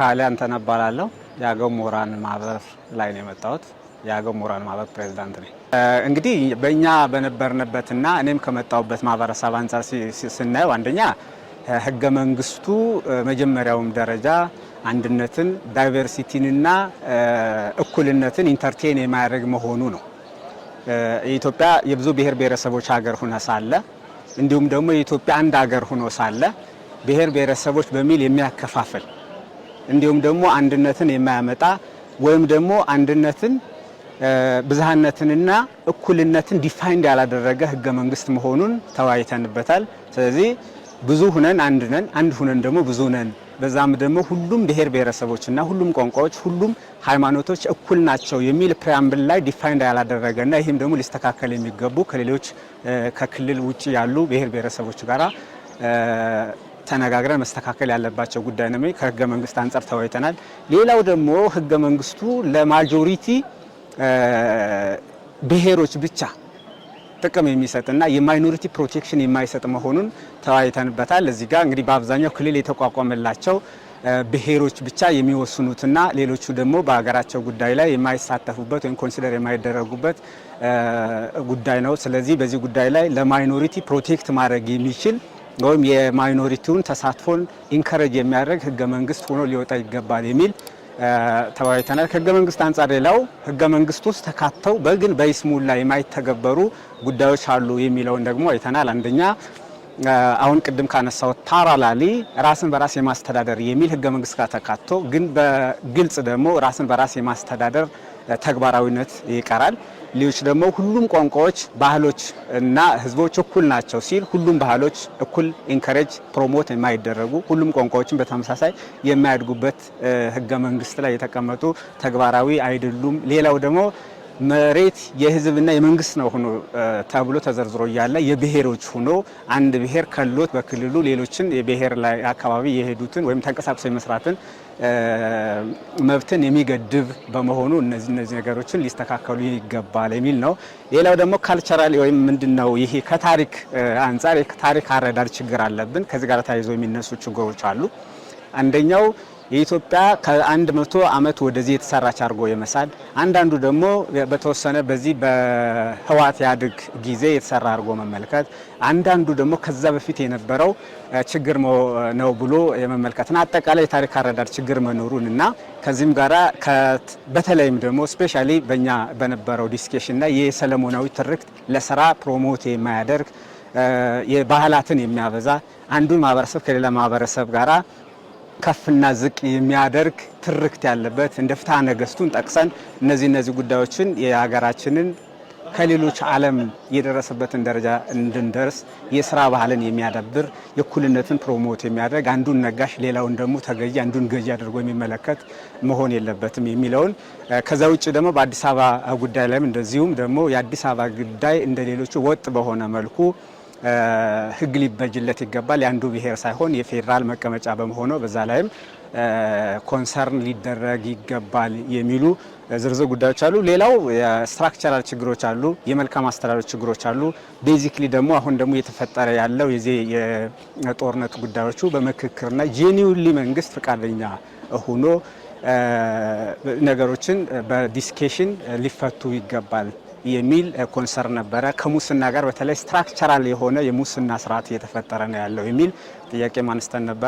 ካሊያን ተነባላለሁ። የአገው ምሁራን ማህበር ላይ ነው የመጣሁት። የአገው ምሁራን ማህበር ፕሬዚዳንት ነኝ። እንግዲህ በእኛ በነበርንበትና እኔም ከመጣሁበት ማህበረሰብ አንጻር ስናየው አንደኛ ህገ መንግስቱ መጀመሪያውም ደረጃ አንድነትን ዳይቨርሲቲንና እኩልነትን ኢንተርቴን የማያደርግ መሆኑ ነው። የኢትዮጵያ የብዙ ብሔር ብሔረሰቦች ሀገር ሁነ ሳለ እንዲሁም ደግሞ የኢትዮጵያ አንድ ሀገር ሁኖ ሳለ ብሔር ብሔረሰቦች በሚል የሚያከፋፍል እንዲሁም ደግሞ አንድነትን የማያመጣ ወይም ደግሞ አንድነትን ብዝሃነትንና እኩልነትን ዲፋይንድ ያላደረገ ህገ መንግስት መሆኑን ተወያይተንበታል። ስለዚህ ብዙ ሁነን አንድ ነን፣ አንድ ሁነን ደግሞ ብዙ ነን። በዛም ደግሞ ሁሉም ብሔር ብሔረሰቦችና ሁሉም ቋንቋዎች፣ ሁሉም ሃይማኖቶች እኩል ናቸው የሚል ፕሪያምብል ላይ ዲፋይንድ ያላደረገና ይህም ደግሞ ሊስተካከል የሚገቡ ከሌሎች ከክልል ውጭ ያሉ ብሔር ብሔረሰቦች ጋራ ተነጋግረን መስተካከል ያለባቸው ጉዳይ ነው። ከህገ መንግስት አንጻር ተወያይተናል። ሌላው ደግሞ ህገ መንግስቱ ለማጆሪቲ ብሔሮች ብቻ ጥቅም የሚሰጥና የማይኖሪቲ ፕሮቴክሽን የማይሰጥ መሆኑን ተወያይተንበታል። እዚህ ጋር እንግዲህ በአብዛኛው ክልል የተቋቋመላቸው ብሔሮች ብቻ የሚወስኑትና ሌሎቹ ደግሞ በሀገራቸው ጉዳይ ላይ የማይሳተፉበት ወይም ኮንሲደር የማይደረጉበት ጉዳይ ነው። ስለዚህ በዚህ ጉዳይ ላይ ለማይኖሪቲ ፕሮቴክት ማድረግ የሚችል ወይም የማይኖሪቲውን ተሳትፎን ኢንከረጅ የሚያደርግ ህገ መንግስት ሆኖ ሊወጣ ይገባል የሚል ተወያይተናል። ከህገ መንግስት አንጻር ሌላው ህገ መንግስት ውስጥ ተካተው በግን በይስሙላ የማይተገበሩ ጉዳዮች አሉ የሚለውን ደግሞ አይተናል። አንደኛ አሁን ቅድም ካነሳው ፓራላሊ ራስን በራስ የማስተዳደር የሚል ህገ መንግስት ጋር ተካቶ ግን በግልጽ ደግሞ ራስን በራስ የማስተዳደር ተግባራዊነት ይቀራል። ሌሎች ደግሞ ሁሉም ቋንቋዎች፣ ባህሎች እና ህዝቦች እኩል ናቸው ሲል ሁሉም ባህሎች እኩል ኢንከሬጅ ፕሮሞት የማይደረጉ ሁሉም ቋንቋዎችን በተመሳሳይ የማያድጉበት ህገ መንግስት ላይ የተቀመጡ ተግባራዊ አይደሉም። ሌላው ደግሞ መሬት የህዝብና የመንግስት ነው ሆኖ ተብሎ ተዘርዝሮ እያለ የብሔሮች ሆኖ አንድ ብሔር ከሎት በክልሉ ሌሎችን የብሔር ላይ አካባቢ የሄዱትን ወይም ተንቀሳቅሶ የመስራትን መብትን የሚገድብ በመሆኑ እነዚህ እነዚህ ነገሮችን ሊስተካከሉ ይገባል የሚል ነው። ሌላው ደግሞ ካልቸራል ወይም ነው ይሄ ከታሪክ አንጻር ታሪክ አረዳድ ችግር አለብን። ከዚህ ጋር ተያይዞ የሚነሱ ችግሮች አሉ። አንደኛው የኢትዮጵያ ከአንድ መቶ ዓመት ወደዚህ የተሰራች አድርጎ የመሳል አንዳንዱ ደግሞ በተወሰነ በዚህ በህዋት ያድግ ጊዜ የተሰራ አድርጎ መመልከት አንዳንዱ ደግሞ ከዛ በፊት የነበረው ችግር ነው ብሎ የመመልከትና አጠቃላይ የታሪክ አረዳድ ችግር መኖሩን እና ከዚህም ጋራ በተለይም ደግሞ ስፔሻሊ በእኛ በነበረው ዲስኬሽንና የሰለሞናዊ ትርክት ለስራ ፕሮሞት የማያደርግ የባህላትን የሚያበዛ አንዱን ማህበረሰብ ከሌላ ማህበረሰብ ጋራ ከፍና ዝቅ የሚያደርግ ትርክት ያለበት እንደ ፍትሐ ነገስቱን ጠቅሰን እነዚህ እነዚህ ጉዳዮችን የሀገራችንን ከሌሎች ዓለም የደረሰበትን ደረጃ እንድንደርስ የስራ ባህልን የሚያዳብር የእኩልነትን ፕሮሞት የሚያደርግ አንዱን ነጋሽ ሌላውን ደግሞ ተገዢ አንዱን ገዢ አድርጎ የሚመለከት መሆን የለበትም የሚለውን ከዛ ውጭ ደግሞ በአዲስ አበባ ጉዳይ ላይም እንደዚሁም ደግሞ የአዲስ አበባ ጉዳይ እንደ ሌሎቹ ወጥ በሆነ መልኩ ህግ ሊበጅለት ይገባል። የአንዱ ብሔር ሳይሆን የፌዴራል መቀመጫ በመሆኑ በዛ ላይም ኮንሰርን ሊደረግ ይገባል የሚሉ ዝርዝር ጉዳዮች አሉ። ሌላው የስትራክቸራል ችግሮች አሉ፣ የመልካም አስተዳደር ችግሮች አሉ። ቤዚክሊ ደግሞ አሁን ደግሞ እየተፈጠረ ያለው የዚህ የጦርነት ጉዳዮቹ በምክክርና ጄኒውሊ መንግስት ፈቃደኛ ሆኖ ነገሮችን በዲስኬሽን ሊፈቱ ይገባል። የሚል ኮንሰርን ነበረ። ከሙስና ጋር በተለይ ስትራክቸራል የሆነ የሙስና ስርዓት እየተፈጠረ ነው ያለው የሚል ጥያቄ ማንስተን ነበረ።